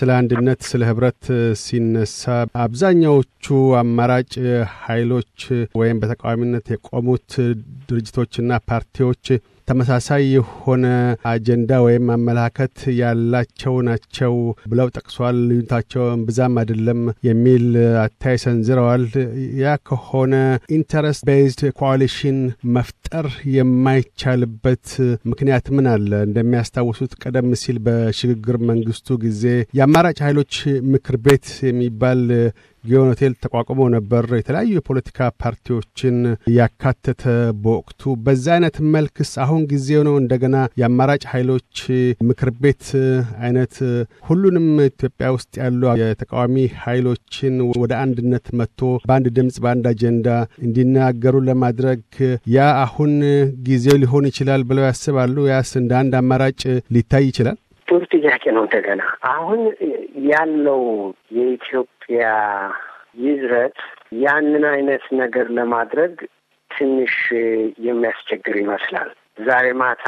ስለ አንድነት፣ ስለ ህብረት ሲነሳ አብዛኛዎቹ አማራጭ ኃይሎች ወይም በተቃዋሚነት የቆሙት ድርጅቶችና ፓርቲዎች ተመሳሳይ የሆነ አጀንዳ ወይም አመላከት ያላቸው ናቸው ብለው ጠቅሷል። ልዩነታቸውን ብዛም አይደለም የሚል አታይ ሰንዝረዋል። ያ ከሆነ ኢንተረስት ቤዝድ ኮአሊሽን መፍጠር የማይቻልበት ምክንያት ምን አለ? እንደሚያስታውሱት ቀደም ሲል በሽግግር መንግስቱ ጊዜ የአማራጭ ኃይሎች ምክር ቤት የሚባል ጊዮን ሆቴል ተቋቁሞ ነበር። የተለያዩ የፖለቲካ ፓርቲዎችን ያካተተ በወቅቱ በዛ አይነት መልክስ አሁን ጊዜው ነው እንደገና የአማራጭ ኃይሎች ምክር ቤት አይነት ሁሉንም ኢትዮጵያ ውስጥ ያሉ የተቃዋሚ ኃይሎችን ወደ አንድነት መጥቶ በአንድ ድምፅ በአንድ አጀንዳ እንዲናገሩ ለማድረግ ያ አሁን ጊዜው ሊሆን ይችላል ብለው ያስባሉ? ያስ እንደ አንድ አማራጭ ሊታይ ይችላል? ጥሩ ጥያቄ ነው። እንደገና አሁን ያለው የኢትዮጵያ ይዝረት ያንን አይነት ነገር ለማድረግ ትንሽ የሚያስቸግር ይመስላል። ዛሬ ማታ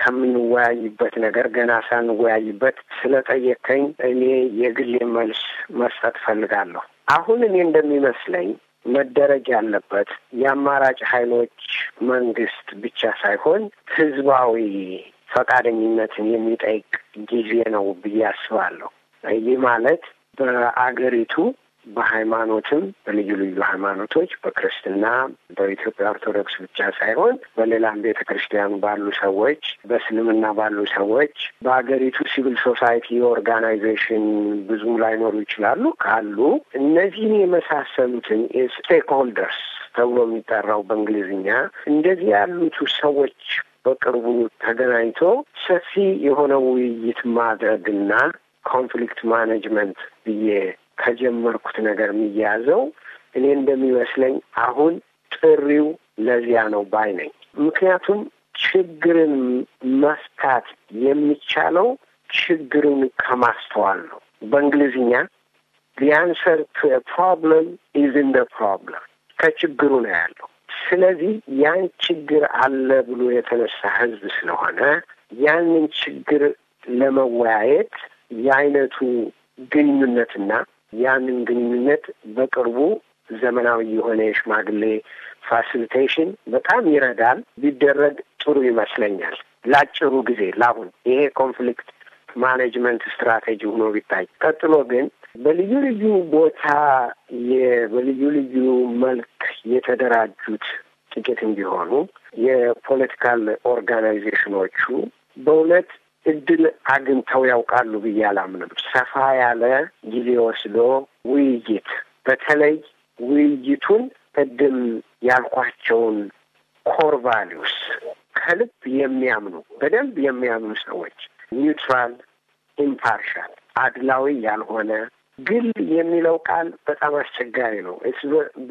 ከምንወያይበት ነገር ገና ሳንወያይበት ስለጠየከኝ እኔ የግሌ መልስ መስጠት ፈልጋለሁ። አሁን እኔ እንደሚመስለኝ መደረግ ያለበት የአማራጭ ኃይሎች መንግስት ብቻ ሳይሆን ህዝባዊ ፈቃደኝነትን የሚጠይቅ ጊዜ ነው ብዬ አስባለሁ። ይህ ማለት በአገሪቱ በሃይማኖትም በልዩ ልዩ ሃይማኖቶች በክርስትና በኢትዮጵያ ኦርቶዶክስ ብቻ ሳይሆን በሌላም ቤተ ክርስቲያን ባሉ ሰዎች፣ በእስልምና ባሉ ሰዎች በሀገሪቱ ሲቪል ሶሳይቲ ኦርጋናይዜሽን ብዙ ላይኖሩ ይችላሉ ካሉ እነዚህን የመሳሰሉትን ስቴክሆልደርስ ተብሎ የሚጠራው በእንግሊዝኛ እንደዚህ ያሉት ሰዎች በቅርቡ ተገናኝቶ ሰፊ የሆነ ውይይት ማድረግና ኮንፍሊክት ማኔጅመንት ብዬ ከጀመርኩት ነገር የሚያዘው እኔ እንደሚመስለኝ አሁን ጥሪው ለዚያ ነው ባይ ነኝ። ምክንያቱም ችግርን መፍታት የሚቻለው ችግርን ከማስተዋል ነው። በእንግሊዝኛ the answer to a ፕሮብለም ከችግሩ ነው ያለው። ስለዚህ ያን ችግር አለ ብሎ የተነሳ ህዝብ ስለሆነ ያንን ችግር ለመወያየት የአይነቱ ግንኙነትና ያንን ግንኙነት በቅርቡ ዘመናዊ የሆነ የሽማግሌ ፋሲሊቴሽን በጣም ይረዳል ቢደረግ ጥሩ ይመስለኛል። ለአጭሩ ጊዜ ለአሁን ይሄ ኮንፍሊክት ማኔጅመንት ስትራቴጂ ሆኖ ቢታይ። ቀጥሎ ግን በልዩ ልዩ ቦታ በልዩ ልዩ መልክ የተደራጁት ጥቂትም ቢሆኑ የፖለቲካል ኦርጋናይዜሽኖቹ በእውነት እድል አግኝተው ያውቃሉ ብዬ አላምንም። ሰፋ ያለ ጊዜ ወስዶ ውይይት በተለይ ውይይቱን ቅድም ያልኳቸውን ኮር ቫሊዩስ ከልብ የሚያምኑ በደንብ የሚያምኑ ሰዎች ኒውትራል፣ ኢምፓርሻል፣ አድላዊ ያልሆነ ግል የሚለው ቃል በጣም አስቸጋሪ ነው።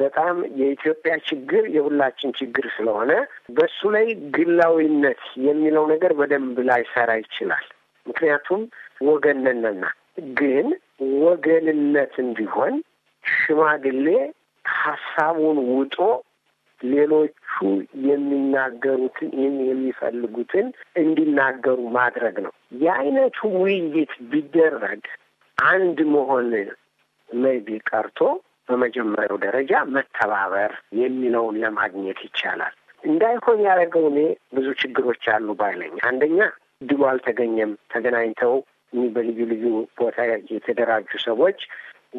በጣም የኢትዮጵያ ችግር የሁላችን ችግር ስለሆነ በሱ ላይ ግላዊነት የሚለው ነገር በደንብ ላይሰራ ይችላል። ምክንያቱም ወገንነና ግን ወገንነት እንዲሆን ሽማግሌ ሀሳቡን ውጦ ሌሎቹ የሚናገሩትን የሚፈልጉትን እንዲናገሩ ማድረግ ነው። የአይነቱ ውይይት ቢደረግ አንድ መሆን ሜቢ ቀርቶ በመጀመሪያው ደረጃ መተባበር የሚለውን ለማግኘት ይቻላል። እንዳይሆን ያደረገው እኔ ብዙ ችግሮች አሉ ባይለኝ፣ አንደኛ እድሉ አልተገኘም። ተገናኝተው በልዩ ልዩ ቦታ የተደራጁ ሰዎች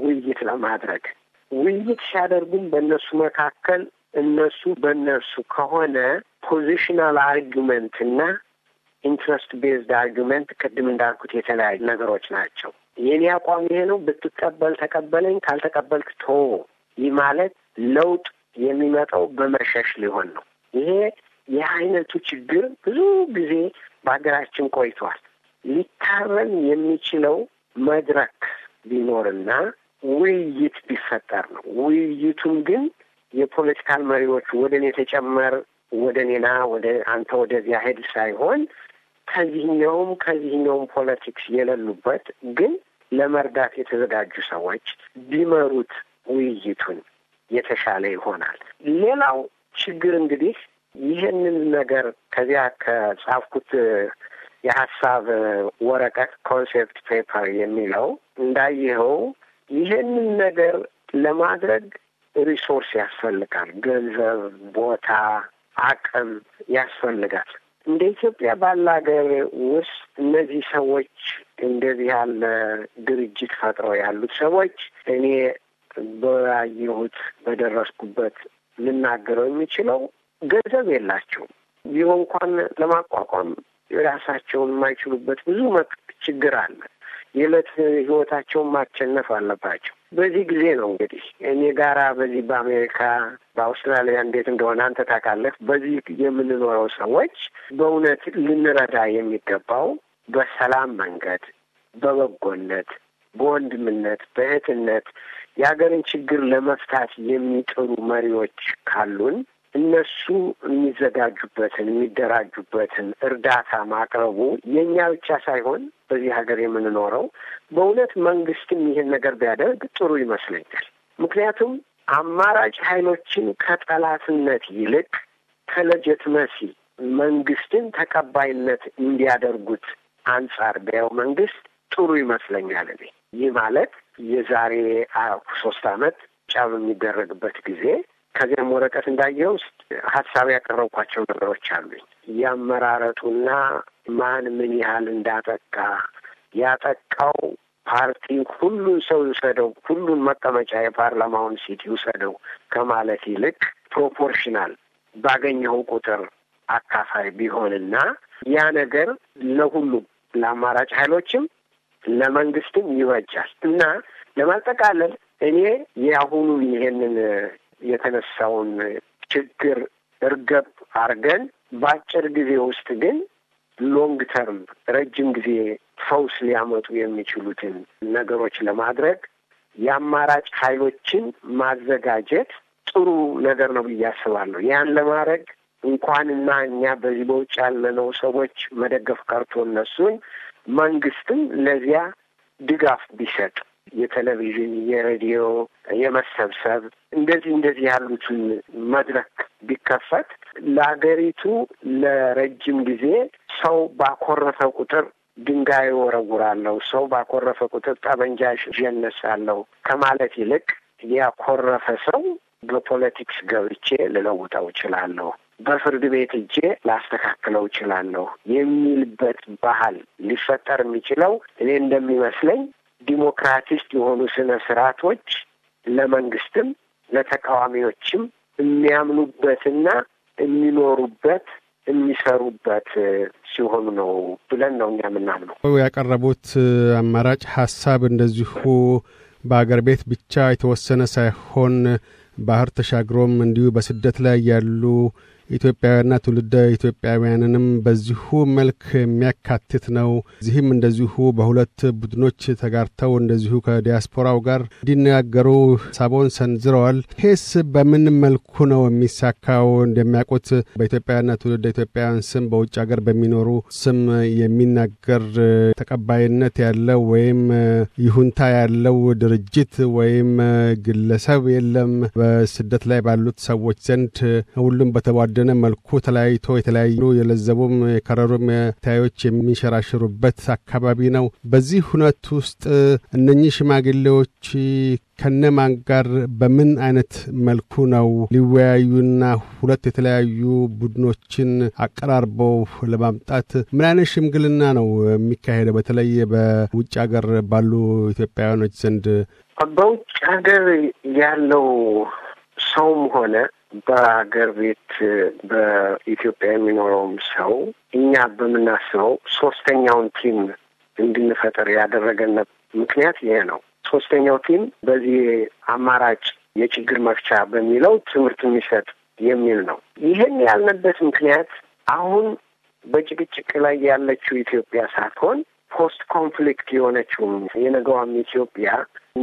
ውይይት ለማድረግ ውይይት ሲያደርጉም በእነሱ መካከል እነሱ በእነሱ ከሆነ ፖዚሽናል አርጊመንት እና ኢንትረስት ቤዝድ አርጊመንት ቅድም እንዳልኩት የተለያዩ ነገሮች ናቸው። የኔ አቋም ይሄ ነው፣ ብትቀበል ተቀበለኝ፣ ካልተቀበልክ ቶ ይህ ማለት ለውጥ የሚመጣው በመሸሽ ሊሆን ነው። ይሄ የአይነቱ ችግር ብዙ ጊዜ በሀገራችን ቆይቷል። ሊታረም የሚችለው መድረክ ቢኖርና ውይይት ቢፈጠር ነው። ውይይቱም ግን የፖለቲካል መሪዎች ወደ እኔ ተጨመር፣ ወደ እኔና ወደ አንተ ወደዚያ ሄድ ሳይሆን ከዚህኛውም ከዚህኛውም ፖለቲክስ የሌሉበት ግን ለመርዳት የተዘጋጁ ሰዎች ቢመሩት ውይይቱን የተሻለ ይሆናል። ሌላው ችግር እንግዲህ ይህንን ነገር ከዚያ ከጻፍኩት የሀሳብ ወረቀት ኮንሴፕት ፔፐር የሚለው እንዳየኸው ይህንን ነገር ለማድረግ ሪሶርስ ያስፈልጋል። ገንዘብ፣ ቦታ፣ አቅም ያስፈልጋል። እንደ ኢትዮጵያ ባለ ሀገር ውስጥ እነዚህ ሰዎች እንደዚህ ያለ ድርጅት ፈጥረው ያሉት ሰዎች እኔ በያየሁት በደረስኩበት ልናገረው የሚችለው ገንዘብ የላቸውም። ቢሮ እንኳን ለማቋቋም የራሳቸውን የማይችሉበት ብዙ ችግር አለ። የዕለት ህይወታቸውን ማቸነፍ አለባቸው። በዚህ ጊዜ ነው እንግዲህ እኔ ጋራ በዚህ በአሜሪካ በአውስትራሊያ እንዴት እንደሆነ አንተ ታውቃለህ። በዚህ የምንኖረው ሰዎች በእውነት ልንረዳ የሚገባው በሰላም መንገድ፣ በበጎነት፣ በወንድምነት፣ በእህትነት የሀገርን ችግር ለመፍታት የሚጥሩ መሪዎች ካሉን እነሱ የሚዘጋጁበትን የሚደራጁበትን እርዳታ ማቅረቡ የእኛ ብቻ ሳይሆን በዚህ ሀገር የምንኖረው በእውነት መንግስትም ይህን ነገር ቢያደርግ ጥሩ ይመስለኛል። ምክንያቱም አማራጭ ኃይሎችን ከጠላትነት ይልቅ መሲ መንግስትን ተቀባይነት እንዲያደርጉት አንጻር ቢያው መንግስት ጥሩ ይመስለኛል። እኔ ይህ ማለት የዛሬ ሶስት አመት ጫ በሚደረግበት ጊዜ ከዚያም ወረቀት እንዳየው ውስጥ ሀሳብ ያቀረብኳቸው ነገሮች አሉኝ። ያመራረጡና ማን ምን ያህል እንዳጠቃ ያጠቃው ፓርቲ ሁሉን ሰው ይውሰደው፣ ሁሉን መቀመጫ የፓርላማውን ሲት ይውሰደው ከማለት ይልቅ ፕሮፖርሽናል ባገኘው ቁጥር አካፋይ ቢሆንና ያ ነገር ለሁሉም ለአማራጭ ኃይሎችም ለመንግስትም ይበጃል እና ለማጠቃለል እኔ የአሁኑ ይሄንን የተነሳውን ችግር እርገብ አድርገን በአጭር ጊዜ ውስጥ ግን ሎንግ ተርም ረጅም ጊዜ ፈውስ ሊያመጡ የሚችሉትን ነገሮች ለማድረግ የአማራጭ ኃይሎችን ማዘጋጀት ጥሩ ነገር ነው ብዬ አስባለሁ። ያን ለማድረግ እንኳንና እኛ በዚህ በውጭ ያለነው ሰዎች መደገፍ ቀርቶ እነሱን መንግስትም ለዚያ ድጋፍ ቢሰጥ የቴሌቪዥን፣ የሬዲዮ የመሰብሰብ እንደዚህ እንደዚህ ያሉትን መድረክ ቢከፈት ለሀገሪቱ ለረጅም ጊዜ ሰው ባኮረፈ ቁጥር ድንጋይ ወረውራለሁ፣ ሰው ባኮረፈ ቁጥር ጠመንጃ እነሳለሁ ከማለት ይልቅ ያኮረፈ ሰው በፖለቲክስ ገብቼ ልለውጠው እችላለሁ፣ በፍርድ ቤት እጄ ላስተካክለው እችላለሁ የሚልበት ባህል ሊፈጠር የሚችለው እኔ እንደሚመስለኝ ዲሞክራቲስት የሆኑ ስነ ስርዓቶች ለመንግስትም ለተቃዋሚዎችም የሚያምኑበትና የሚኖሩበት የሚሰሩበት ሲሆኑ ነው ብለን ነው እኛ የምናምነው። ያቀረቡት አማራጭ ሀሳብ እንደዚሁ በአገር ቤት ብቻ የተወሰነ ሳይሆን ባህር ተሻግሮም እንዲሁ በስደት ላይ ያሉ ኢትዮጵያውያንና ትውልደ ኢትዮጵያውያንንም በዚሁ መልክ የሚያካትት ነው። እዚህም እንደዚሁ በሁለት ቡድኖች ተጋርተው እንደዚሁ ከዲያስፖራው ጋር እንዲነጋገሩ ሳቦን ሰንዝረዋል። ይሄስ በምን መልኩ ነው የሚሳካው? እንደሚያውቁት በኢትዮጵያውያንና ትውልደ ኢትዮጵያውያን ስም በውጭ ሀገር በሚኖሩ ስም የሚናገር ተቀባይነት ያለው ወይም ይሁንታ ያለው ድርጅት ወይም ግለሰብ የለም። በስደት ላይ ባሉት ሰዎች ዘንድ ሁሉም በተቧደ በወደነ መልኩ ተለያይቶ የተለያዩ የለዘቡም የከረሩም ታዮች የሚንሸራሽሩበት አካባቢ ነው። በዚህ ሁነት ውስጥ እነኚህ ሽማግሌዎች ከነማን ጋር በምን አይነት መልኩ ነው ሊወያዩና ሁለት የተለያዩ ቡድኖችን አቀራርበው ለማምጣት ምን አይነት ሽምግልና ነው የሚካሄደው? በተለይ በውጭ ሀገር ባሉ ኢትዮጵያውያኖች ዘንድ በውጭ ሀገር ያለው ሰውም ሆነ በሀገር ቤት በኢትዮጵያ የሚኖረውም ሰው እኛ በምናስበው ሶስተኛውን ቲም እንድንፈጥር ያደረገነት ምክንያት ይሄ ነው። ሶስተኛው ቲም በዚህ አማራጭ የችግር መፍቻ በሚለው ትምህርት የሚሰጥ የሚል ነው። ይህን ያልንበት ምክንያት አሁን በጭቅጭቅ ላይ ያለችው ኢትዮጵያ ሳትሆን ፖስት ኮንፍሊክት የሆነችውም የነገዋም ኢትዮጵያ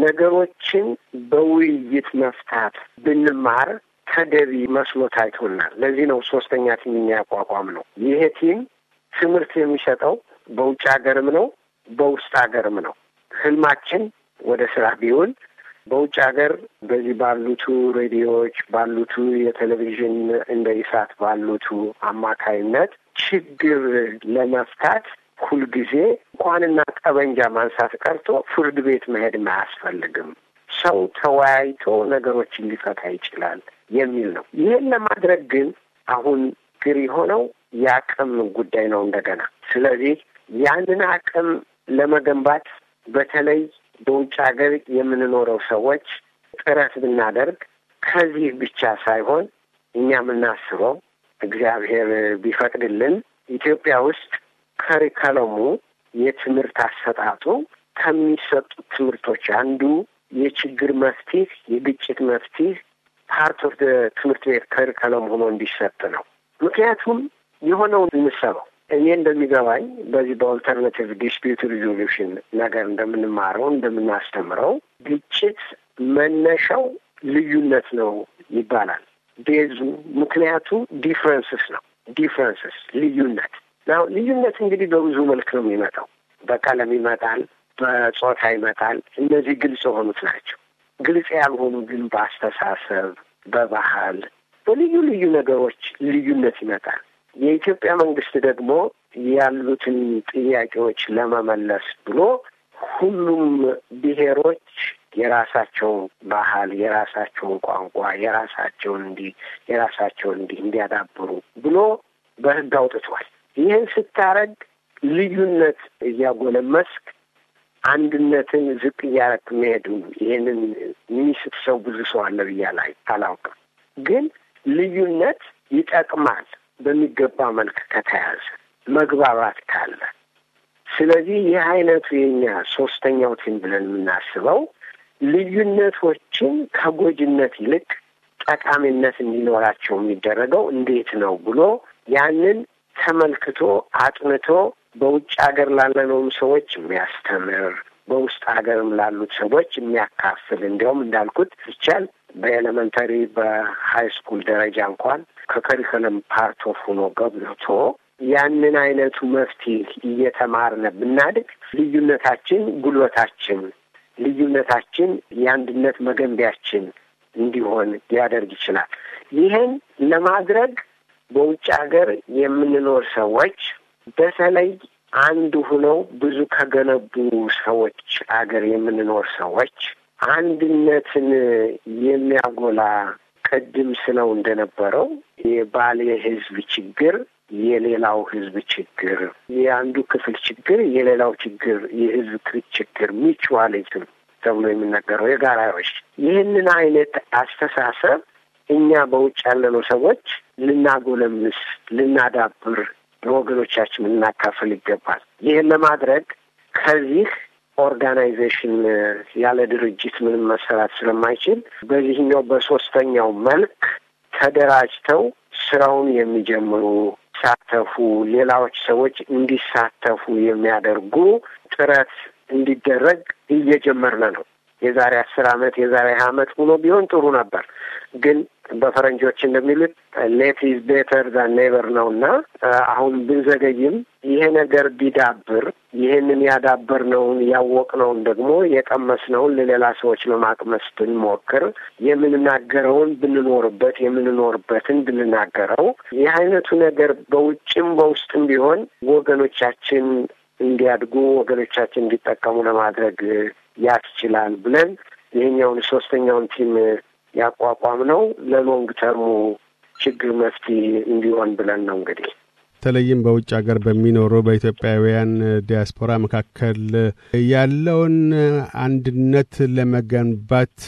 ነገሮችን በውይይት መፍታት ብንማር ተገቢ መስሎ ታይቶናል። ለዚህ ነው ሶስተኛ ቲም የሚያቋቋም ነው። ይሄ ቲም ትምህርት የሚሰጠው በውጭ ሀገርም ነው በውስጥ ሀገርም ነው። ህልማችን ወደ ስራ ቢሆን በውጭ ሀገር በዚህ ባሉቱ ሬዲዮዎች ባሉቱ የቴሌቪዥን እንደ ኢሳት ባሉቱ አማካይነት ችግር ለመፍታት ሁልጊዜ እንኳንና ጠበንጃ ማንሳት ቀርቶ ፍርድ ቤት መሄድም አያስፈልግም። ሰው ተወያይቶ ነገሮችን ሊፈታ ይችላል የሚል ነው። ይህን ለማድረግ ግን አሁን ግር የሆነው የአቅም ጉዳይ ነው እንደገና። ስለዚህ ያንን አቅም ለመገንባት በተለይ በውጭ ሀገር የምንኖረው ሰዎች ጥረት ብናደርግ ከዚህ ብቻ ሳይሆን እኛ የምናስበው እግዚአብሔር ቢፈቅድልን ኢትዮጵያ ውስጥ ከሪከለሙ የትምህርት አሰጣጡ ከሚሰጡት ትምህርቶች አንዱ የችግር መፍትሄ የግጭት መፍትሄ ፓርት ኦፍ ትምህርት ቤት ከሪከለም ሆኖ እንዲሰጥ ነው። ምክንያቱም የሆነውን የምሰበው እኔ እንደሚገባኝ በዚህ በኦልተርናቲቭ ዲስፒዩት ሪዞሉሽን ነገር እንደምንማረው እንደምናስተምረው ግጭት መነሻው ልዩነት ነው ይባላል። ቤዙ ምክንያቱ ዲፍረንስስ ነው። ዲፍረንስስ ልዩነት ልዩነት እንግዲህ በብዙ መልክ ነው የሚመጣው። በቀለም ይመጣል፣ በጾታ ይመጣል። እነዚህ ግልጽ የሆኑት ናቸው። ግልጽ ያልሆኑ ግን በአስተሳሰብ፣ በባህል፣ በልዩ ልዩ ነገሮች ልዩነት ይመጣል። የኢትዮጵያ መንግስት ደግሞ ያሉትን ጥያቄዎች ለመመለስ ብሎ ሁሉም ብሔሮች የራሳቸውን ባህል፣ የራሳቸውን ቋንቋ፣ የራሳቸውን እንዲ የራሳቸውን እንዲ እንዲያዳብሩ ብሎ በህግ አውጥቷል። ይህን ስታረግ ልዩነት እያጎለመስክ አንድነትን ዝቅ እያረክ መሄዱ ይህንን የሚስት ሰው ብዙ ሰው አለ ብያ ላይ አላውቅም። ግን ልዩነት ይጠቅማል በሚገባ መልክ ከተያዘ መግባባት ካለ። ስለዚህ ይህ አይነቱ የኛ ሶስተኛው ቲም ብለን የምናስበው ልዩነቶችን ከጎጅነት ይልቅ ጠቃሚነት እንዲኖራቸው የሚደረገው እንዴት ነው ብሎ ያንን ተመልክቶ አጥንቶ በውጭ ሀገር ላለነውም ሰዎች የሚያስተምር በውስጥ ሀገርም ላሉት ሰዎች የሚያካፍል እንዲያውም እንዳልኩት ይቻል በኤሌመንተሪ በሀይ ስኩል ደረጃ እንኳን ከከሪኩለም ፓርት ኦፍ ሆኖ ገብቶ ያንን አይነቱ መፍትሄ እየተማርነ ብናድግ ልዩነታችን ጉልበታችን፣ ልዩነታችን የአንድነት መገንቢያችን እንዲሆን ሊያደርግ ይችላል። ይህን ለማድረግ በውጭ ሀገር የምንኖር ሰዎች በተለይ አንዱ ሁነው ብዙ ከገነቡ ሰዎች አገር የምንኖር ሰዎች አንድነትን የሚያጎላ ቅድም ስለው እንደነበረው የባሌ ህዝብ ችግር የሌላው ህዝብ ችግር፣ የአንዱ ክፍል ችግር የሌላው ችግር፣ የህዝብ ችግር ሚቹዋሊዝም ተብሎ የሚነገረው የጋራዎች ይህንን አይነት አስተሳሰብ እኛ በውጭ ያለነው ሰዎች ልናጎለምስ ልናዳብር ለወገኖቻችን እናካፍል ይገባል። ይህን ለማድረግ ከዚህ ኦርጋናይዜሽን ያለ ድርጅት ምንም መሰራት ስለማይችል በዚህኛው በሶስተኛው መልክ ተደራጅተው ስራውን የሚጀምሩ ሳተፉ ሌላዎች ሰዎች እንዲሳተፉ የሚያደርጉ ጥረት እንዲደረግ እየጀመርን ነው። የዛሬ አስር አመት የዛሬ ሀያ አመት ሆኖ ቢሆን ጥሩ ነበር። ግን በፈረንጆች እንደሚሉት ሌት ኢዝ ቤተር ዛን ኔቨር ነው እና አሁን ብንዘገይም ይሄ ነገር ቢዳብር ይህንን ያዳበርነውን ያወቅነውን ደግሞ የቀመስነውን ለሌላ ሰዎች ለማቅመስ ብንሞክር የምንናገረውን ብንኖርበት የምንኖርበትን ብንናገረው ይህ አይነቱ ነገር በውጭም በውስጥም ቢሆን ወገኖቻችን እንዲያድጉ ወገኖቻችን እንዲጠቀሙ ለማድረግ ያስችላል ብለን ይህኛውን ሶስተኛውን ቲም ያቋቋም ነው ለሎንግ ተርሙ ችግር መፍትሄ እንዲሆን ብለን ነው እንግዲህ በተለይም በውጭ ሀገር በሚኖሩ በኢትዮጵያውያን ዲያስፖራ መካከል ያለውን አንድነት ለመገንባት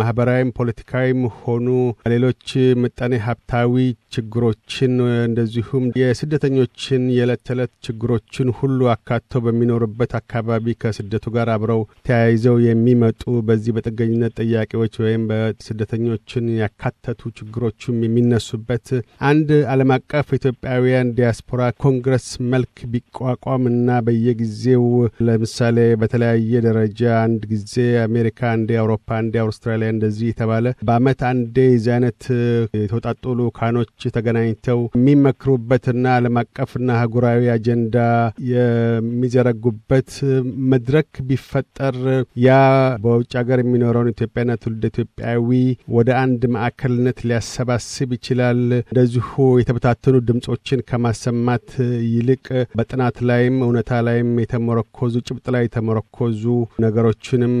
ማህበራዊም ፖለቲካዊም ሆኑ ሌሎች ምጣኔ ሀብታዊ ችግሮችን እንደዚሁም የስደተኞችን የዕለት ተዕለት ችግሮችን ሁሉ አካተው በሚኖሩበት አካባቢ ከስደቱ ጋር አብረው ተያይዘው የሚመጡ በዚህ በጥገኝነት ጥያቄዎች ወይም በስደተኞችን ያካተቱ ችግሮችም የሚነሱበት አንድ ዓለም አቀፍ ኢትዮጵያውያን ዲያስፖራ ኮንግረስ መልክ ቢቋቋምና በየጊዜው ለምሳሌ በተለያየ ደረጃ አንድ ጊዜ አሜሪካ እንደ አውሮፓ እንደ አውስትራሊያ እንደዚህ የተባለ በአመት አንዴ የዚህ አይነት የተውጣጡ ልኡካኖች ተገናኝተው የሚመክሩበትና ዓለም አቀፍና አህጉራዊ አጀንዳ የሚዘረጉበት መድረክ ቢፈጠር ያ በውጭ ሀገር የሚኖረውን ኢትዮጵያና ትውልድ ኢትዮጵያዊ ወደ አንድ ማዕከልነት ሊያሰባስብ ይችላል። እንደዚሁ የተበታተኑ ድምጾችን ከማ ከማሰማት ይልቅ በጥናት ላይም እውነታ ላይም የተመረኮዙ ጭብጥ ላይ የተመረኮዙ ነገሮችንም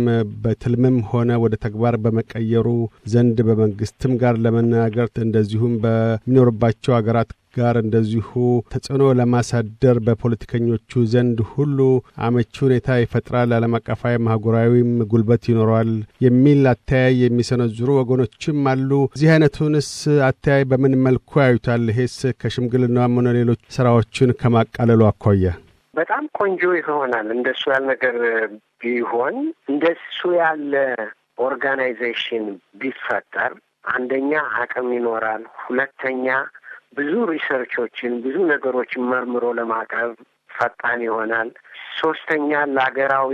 በትልምም ሆነ ወደ ተግባር በመቀየሩ ዘንድ በመንግስትም ጋር ለመነጋገር እንደዚሁም በሚኖርባቸው ሀገራት ጋር እንደዚሁ ተጽዕኖ ለማሳደር በፖለቲከኞቹ ዘንድ ሁሉ አመቺ ሁኔታ ይፈጥራል፣ ዓለም አቀፋዊ ማህጉራዊም ጉልበት ይኖረዋል የሚል አተያይ የሚሰነዝሩ ወገኖችም አሉ። እዚህ አይነቱንስ አተያይ በምን መልኩ ያዩታል? ይሄስ ከሽምግልናም ሆነ ሌሎች ስራዎችን ከማቃለሉ አኳያ በጣም ቆንጆ ይሆናል። እንደሱ ያለ ነገር ቢሆን እንደሱ ያለ ኦርጋናይዜሽን ቢፈጠር አንደኛ አቅም ይኖራል፣ ሁለተኛ ብዙ ሪሰርቾችን ብዙ ነገሮችን መርምሮ ለማቅረብ ፈጣን ይሆናል። ሶስተኛ ለሀገራዊ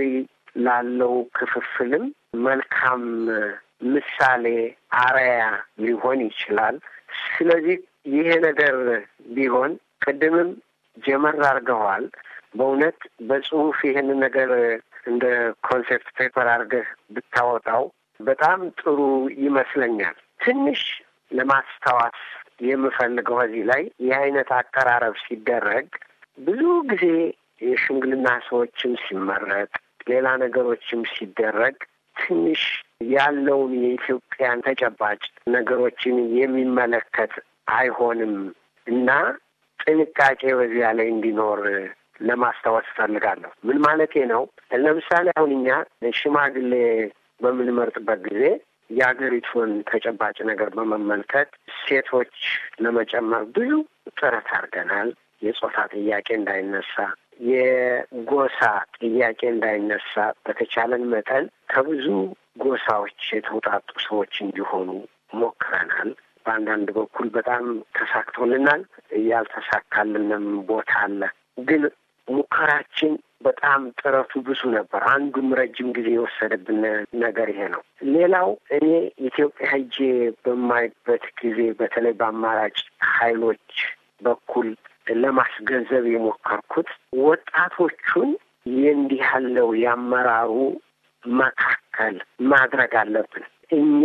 ላለው ክፍፍልም መልካም ምሳሌ አርአያ ሊሆን ይችላል። ስለዚህ ይሄ ነገር ቢሆን ቅድምም ጀመር አድርገዋል። በእውነት በጽሁፍ ይህን ነገር እንደ ኮንሴፕት ፔፐር አድርገህ ብታወጣው በጣም ጥሩ ይመስለኛል። ትንሽ ለማስታወስ የምፈልገው እዚህ ላይ ይህ አይነት አቀራረብ ሲደረግ ብዙ ጊዜ የሽምግልና ሰዎችም ሲመረጥ ሌላ ነገሮችም ሲደረግ ትንሽ ያለውን የኢትዮጵያን ተጨባጭ ነገሮችን የሚመለከት አይሆንም እና ጥንቃቄ በዚያ ላይ እንዲኖር ለማስታወስ እፈልጋለሁ። ምን ማለቴ ነው? ለምሳሌ አሁን እኛ ሽማግሌ በምንመርጥበት ጊዜ የሀገሪቱን ተጨባጭ ነገር በመመልከት ሴቶች ለመጨመር ብዙ ጥረት አድርገናል። የጾታ ጥያቄ እንዳይነሳ፣ የጎሳ ጥያቄ እንዳይነሳ በተቻለን መጠን ከብዙ ጎሳዎች የተውጣጡ ሰዎች እንዲሆኑ ሞክረናል። በአንዳንድ በኩል በጣም ተሳክቶልናል፣ ያልተሳካልንም ቦታ አለ። ግን ሙከራችን በጣም ጥረቱ ብዙ ነበር። አንዱም ረጅም ጊዜ የወሰደብን ነገር ይሄ ነው። ሌላው እኔ ኢትዮጵያ ሄጄ በማይበት ጊዜ በተለይ በአማራጭ ኃይሎች በኩል ለማስገንዘብ የሞከርኩት ወጣቶቹን የእንዲህ ያለው የአመራሩ መካከል ማድረግ አለብን። እኛ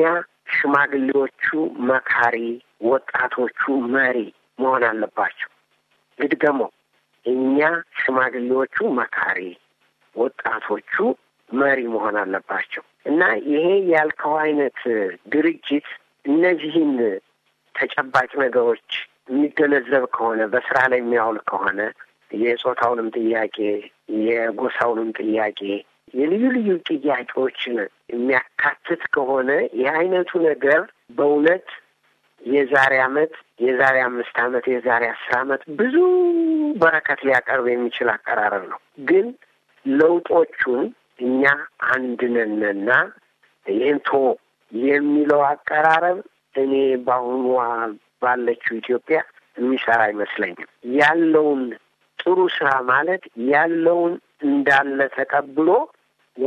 ሽማግሌዎቹ መካሪ፣ ወጣቶቹ መሪ መሆን አለባቸው። እንግዲህ እኛ ሽማግሌዎቹ መካሪ፣ ወጣቶቹ መሪ መሆን አለባቸው እና ይሄ ያልከው አይነት ድርጅት እነዚህን ተጨባጭ ነገሮች የሚገነዘብ ከሆነ በስራ ላይ የሚያውል ከሆነ የጾታውንም ጥያቄ የጎሳውንም ጥያቄ የልዩ ልዩ ጥያቄዎችን የሚያካትት ከሆነ የአይነቱ ነገር በእውነት የዛሬ አመት የዛሬ አምስት አመት የዛሬ አስር አመት ብዙ በረከት ሊያቀርብ የሚችል አቀራረብ ነው። ግን ለውጦቹን እኛ አንድነንና ይህን ቶ የሚለው አቀራረብ እኔ በአሁኑ ባለችው ኢትዮጵያ የሚሰራ አይመስለኝም። ያለውን ጥሩ ስራ ማለት ያለውን እንዳለ ተቀብሎ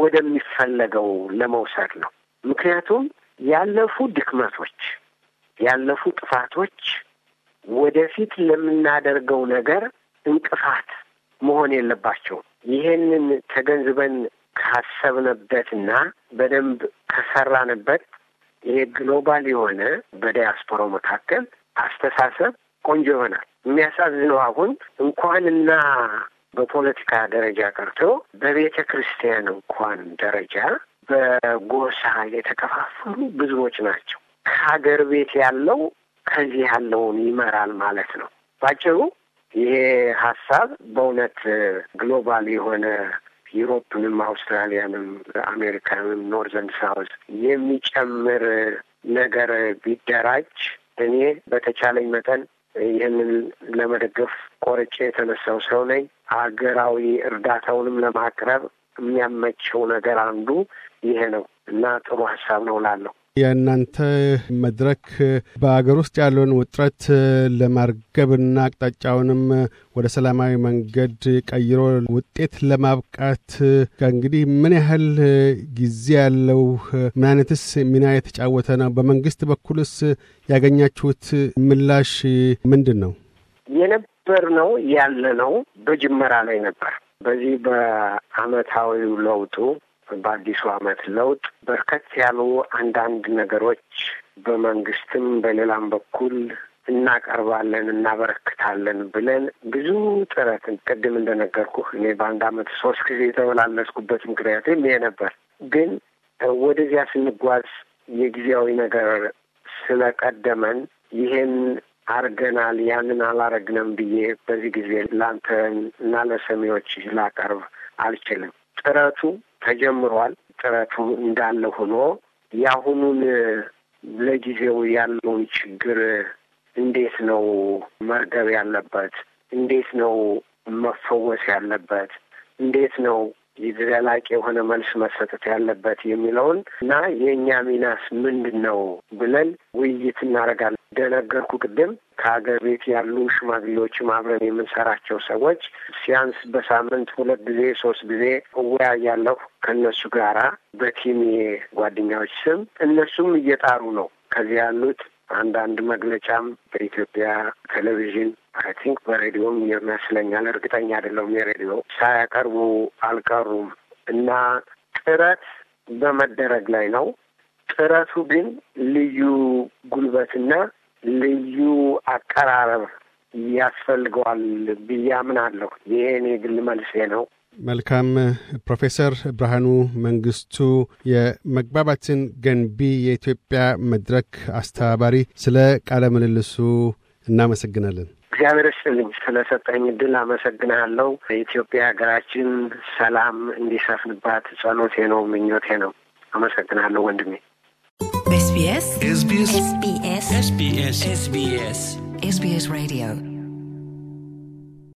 ወደሚፈለገው ለመውሰድ ነው። ምክንያቱም ያለፉ ድክመቶች ያለፉ ጥፋቶች ወደፊት ለምናደርገው ነገር እንቅፋት መሆን የለባቸውም። ይሄንን ተገንዝበን ካሰብንበትና በደንብ ከሰራንበት ይሄ ግሎባል የሆነ በዲያስፖራው መካከል አስተሳሰብ ቆንጆ ይሆናል። የሚያሳዝነው አሁን እንኳንና በፖለቲካ ደረጃ ቀርቶ በቤተ ክርስቲያን እንኳን ደረጃ በጎሳ የተከፋፈሉ ብዙዎች ናቸው። ከሀገር ቤት ያለው ከዚህ ያለውን ይመራል ማለት ነው። ባጭሩ ይሄ ሀሳብ በእውነት ግሎባል የሆነ ዩሮፕንም፣ አውስትራሊያንም፣ አሜሪካንም ኖርዘን ሳውዝ የሚጨምር ነገር ቢደራጅ እኔ በተቻለኝ መጠን ይህንን ለመደገፍ ቆርጬ የተነሳው ሰው ነኝ። ሀገራዊ እርዳታውንም ለማቅረብ የሚያመቸው ነገር አንዱ ይሄ ነው እና ጥሩ ሀሳብ ነው ላለሁ የእናንተ መድረክ በአገር ውስጥ ያለውን ውጥረት ለማርገብና አቅጣጫውንም ወደ ሰላማዊ መንገድ ቀይሮ ውጤት ለማብቃት ከእንግዲህ ምን ያህል ጊዜ ያለው ምን አይነትስ ሚና የተጫወተ ነው? በመንግስት በኩልስ ያገኛችሁት ምላሽ ምንድን ነው? የነበር ነው ያለ ነው በጅመራ ላይ ነበር። በዚህ በአመታዊው ለውጡ በአዲሱ ዓመት ለውጥ በርከት ያሉ አንዳንድ ነገሮች በመንግስትም በሌላም በኩል እናቀርባለን እናበረክታለን ብለን ብዙ ጥረትን ቅድም እንደነገርኩ እኔ በአንድ ዓመት ሶስት ጊዜ የተመላለስኩበት ምክንያትም ይሄ ነበር። ግን ወደዚያ ስንጓዝ የጊዜያዊ ነገር ስለቀደመን ይሄን አርገናል ያንን አላረግነም ብዬ በዚህ ጊዜ ላንተ እና ለሰሚዎች ላቀርብ አልችልም። ጥረቱ ተጀምሯል። ጥረቱ እንዳለ ሆኖ የአሁኑን ለጊዜው ያለውን ችግር እንዴት ነው መርገብ ያለበት? እንዴት ነው መፈወስ ያለበት? እንዴት ነው ዘላቂ የሆነ መልስ መሰጠት ያለበት የሚለውን እና የእኛ ሚናስ ምንድን ነው ብለን ውይይት እናደርጋለን። እንደነገርኩ ቅድም ከሀገር ቤት ያሉ ሽማግሌዎችም አብረን የምንሰራቸው ሰዎች ሲያንስ በሳምንት ሁለት ጊዜ ሶስት ጊዜ እወያያለሁ ከእነሱ ጋራ በቲም ጓደኛዎች ስም እነሱም እየጣሩ ነው። ከዚህ ያሉት አንዳንድ መግለጫም በኢትዮጵያ ቴሌቪዥን አይ ቲንክ በሬዲዮም ይመስለኛል፣ እርግጠኛ አይደለሁም። የሬዲዮ ሳያቀርቡ አልቀሩም እና ጥረት በመደረግ ላይ ነው። ጥረቱ ግን ልዩ ጉልበትና ልዩ አቀራረብ ያስፈልገዋል ብዬ አምናለሁ። ይሄ እኔ ግል መልሴ ነው። መልካም ፕሮፌሰር ብርሃኑ መንግስቱ የመግባባትን ገንቢ የኢትዮጵያ መድረክ አስተባባሪ፣ ስለ ቃለ ምልልሱ እናመሰግናለን። እግዚአብሔር ይስጥልኝ ስለሰጠኝ እድል አመሰግናለሁ። ኢትዮጵያ ሀገራችን ሰላም እንዲሰፍንባት ጸሎቴ ነው፣ ምኞቴ ነው። አመሰግናለሁ ወንድሜ። SBS SBS SBS SBS SBS SBS Radio